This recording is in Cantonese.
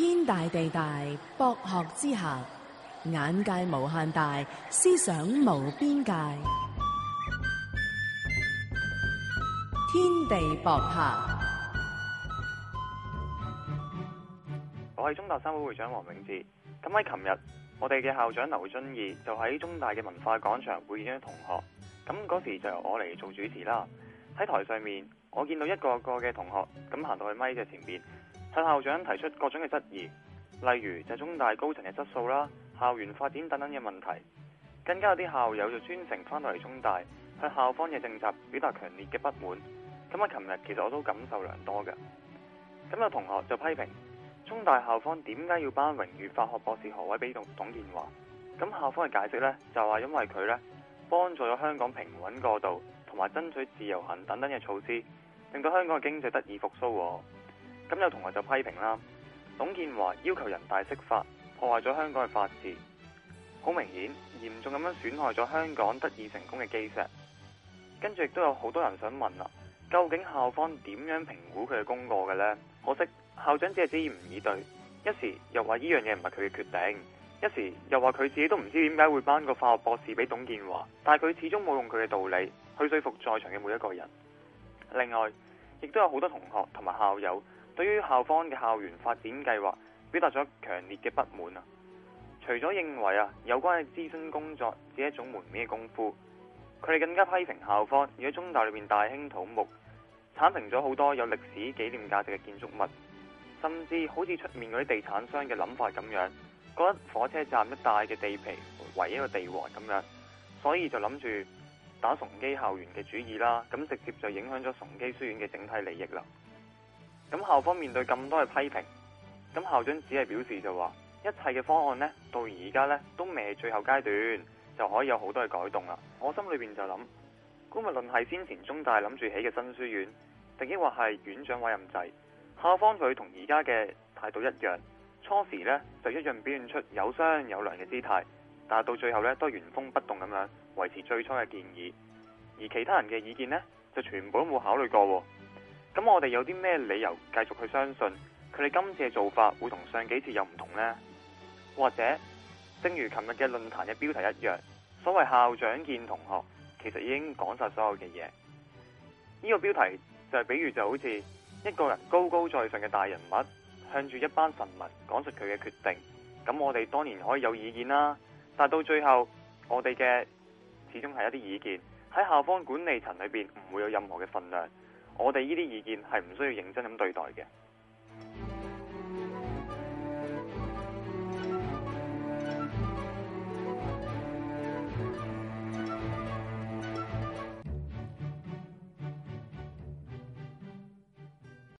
天大地大，博學之下眼界無限大，思想無邊界。天地博客，我係中大學生會會長黃永志。咁喺琴日，我哋嘅校長劉遵義就喺中大嘅文化廣場會見咗同學。咁嗰時就由我嚟做主持啦。喺台上面，我見到一個一個嘅同學咁行到去咪嘅前邊。向校長提出各種嘅質疑，例如就中大高層嘅質素啦、校園發展等等嘅問題，更加有啲校友就專程翻到嚟中大向校方嘅政策表達強烈嘅不滿。咁我琴日其實我都感受良多嘅。咁有同學就批評中大校方點解要頒榮譽法學博士學位俾董董建華？咁校方嘅解釋呢，就話因為佢呢幫助咗香港平穩過渡同埋爭取自由行等等嘅措施，令到香港嘅經濟得以復甦。咁有同學就批評啦，董建華要求人大釋法，破壞咗香港嘅法治，好明顯嚴重咁樣損害咗香港得以成功嘅基石。跟住亦都有好多人想問啊：究竟校方點樣評估佢嘅功過嘅呢？可惜校長只係支吾以對，一時又話依樣嘢唔係佢嘅決定，一時又話佢自己都唔知點解會頒個化學博士俾董建華，但係佢始終冇用佢嘅道理去說服在場嘅每一個人。另外，亦都有好多同學同埋校友。對於校方嘅校園發展計劃，表達咗強烈嘅不滿啊！除咗認為啊，有關嘅諮詢工作只係一種門面嘅功夫，佢哋更加批評校方而喺中大裏面大興土木，鏟平咗好多有歷史紀念價值嘅建築物，甚至好似出面嗰啲地產商嘅諗法咁樣，覺得火車站一帶嘅地皮為一,一個地王咁樣，所以就諗住打崇基校園嘅主意啦，咁直接就影響咗崇基書院嘅整體利益啦。咁校方面對咁多嘅批評，咁校長只係表示就話，一切嘅方案呢，到而家呢都未係最後階段，就可以有好多嘅改動啦。我心裏邊就諗，咁無論係先前中大諗住起嘅新書院，定抑或係院長委任制，校方佢同而家嘅態度一樣，初時呢就一樣表現出有商有量嘅姿態，但係到最後呢都原封不動咁樣維持最初嘅建議，而其他人嘅意見呢，就全部都冇考慮過。咁我哋有啲咩理由繼續去相信佢哋今次嘅做法會同上幾次又唔同呢？或者，正如琴日嘅論壇嘅標題一樣，所謂校長見同學，其實已經講晒所有嘅嘢。呢個標題就係，比喻就好似一個人高高在上嘅大人物，向住一班臣民講述佢嘅決定。咁我哋當然可以有意見啦，但係到最後，我哋嘅始終係一啲意見喺校方管理層裏邊唔會有任何嘅份量。我哋呢啲意見係唔需要認真咁對待嘅。